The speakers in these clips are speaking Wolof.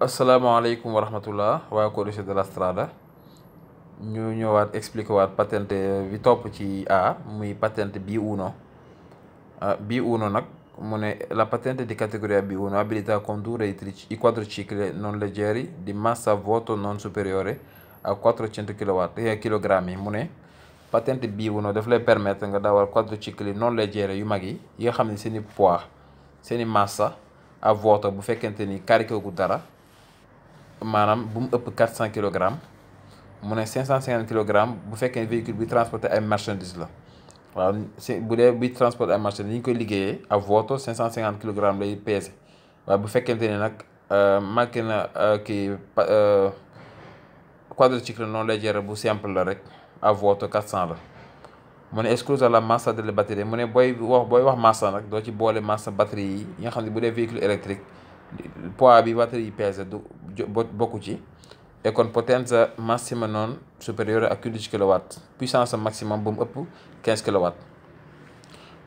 asalaamaaleykum wa rahmatullah waa Codice de la Strada ñu ñëwaat expliqué waat patente bi topp ci A muy patente bi 1 bi 1 nag mu ne la patente di categoria B1 abilita a condurre i quadricicli non leggeri di massa vuoto non superiore a kilowaat kilogramme yi mu ne patente B1 daf lay permettre nga dawal quadricicli non leggeri yu mag yi yi nga xam ne seeni poids seeni massa a vuoto bu fekkente ni carré gu dara maanaam bu mu ëpp quatre cent kilogrammes mu ne cinq cent cinquante kilogrammes bu fekkee véhicule bi transporté ay marchandises la waaw si bu dee bi transporté ay marchandises ni ñu koy liggéeyee ab woto cinq cent cinquante kilogrammes lay bu fekkente ne nag euh, manqué na euh, kii euh, quadricycle noonu lay jëre bu simple la rek ab woto quatre cent la mu ne excluse à la masse de la batterie mu ne booy wax booy wax masse nag doo ci boole masse batterie yi nga xam ne bu dee véhicule électrique poids bi batterie yi pèse du bokku ci e kon potenza massima non supérieure à 15 kW puissance maximum bu mu ëpp 15 kW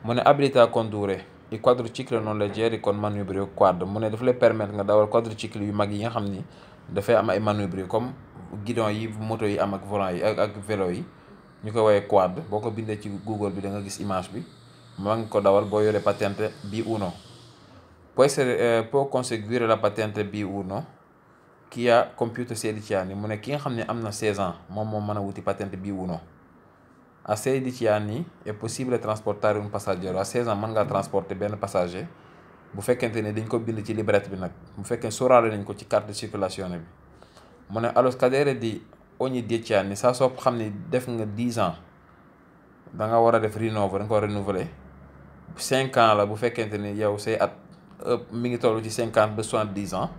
mu ne abilité à condurre i quadricycle noonu la jeeri kon manœuvre quad mu ne dafa la permettre nga dawal quadricycle yu mag yi nga xam ni dafay am ay manœuvre comme guidon yi moto yi am ak volant yi ak ak vélo yi ñu koy woowee quad boo ko bindee ci Google bi da nga gis image bi maa ngi ko dawal boo yoree patente bi uno può, essere, eh, può conseguire la patente B1 qui a compiuto 16 anni mu ne ki nga xam ne am na 16 ans moom moo mën a wuti patente B1 à 16 anni è possibile trasportare un passaggero à 16 ans mën ngaa transporter benn passager bu fekkente ne dañ ko bind ci librette bi nag bu fekkee sóoraale nañ ko ci carte di circulation bi mu ne allo cadere di ogni 10 anni saa soo xam ni def nga 10 ans da nga war a def renouveler da nga ko renouveler 5 ans la bu fekkente ne yow say at. ëpp mi ngi toll ci cinquante ba soixante dix ans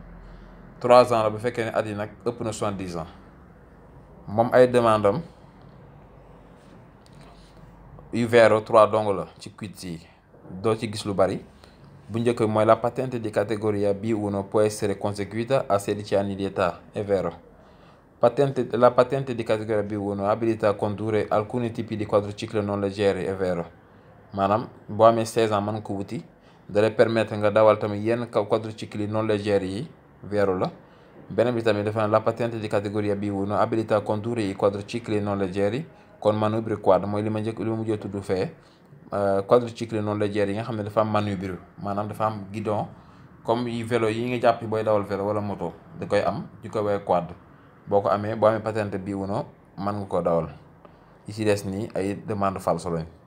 trois ans la bu fekkee ne at yi nag ëpp na soixante dix ans moom ay demande am yu trois dong la ci quiz yi doo ci gis lu bari bu njëkk mooy la patente di categoria B1 può essere conseguita a sedici anni di età è vero patente la patente di categoria B1 abilita a condurre alcuni tipi di quadriciclo non leggeri è vero maanaam boo amee seize ans mën ko wuti dalay permettre nga dawal tamit yenn quadricycle non légers yi weeru la beneen bi tamit dafa ne la patente di categoria B1 abilita a condurre i quadricicli non leggeri con manubrio quad mooy li ma njëkk li ma mujjee tudd fee euh, quadricicli non leggeri yi nga xam ne dafa am manubrio maanaam dafa am guidon comme yi vélo yi nga jàpp booy dawal vélo wala moto da koy am di koy woowee quad boo ko amee boo amee patente B1 man nga ko dawal yi si des nii ay demande falso lañ